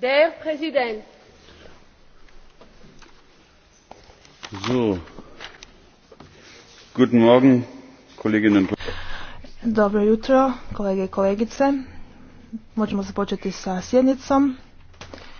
der präsident! So. Guten Morgen, Kolleginnen und Dobro jutro, kolege i kolegice. Možemo započeti sa sjednicom.